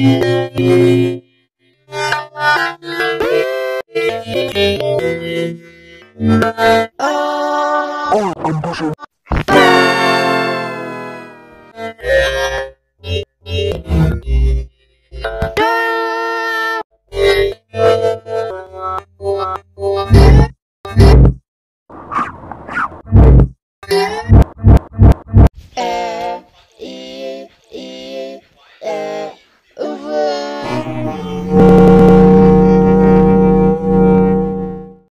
Oh, I'm pushing. Música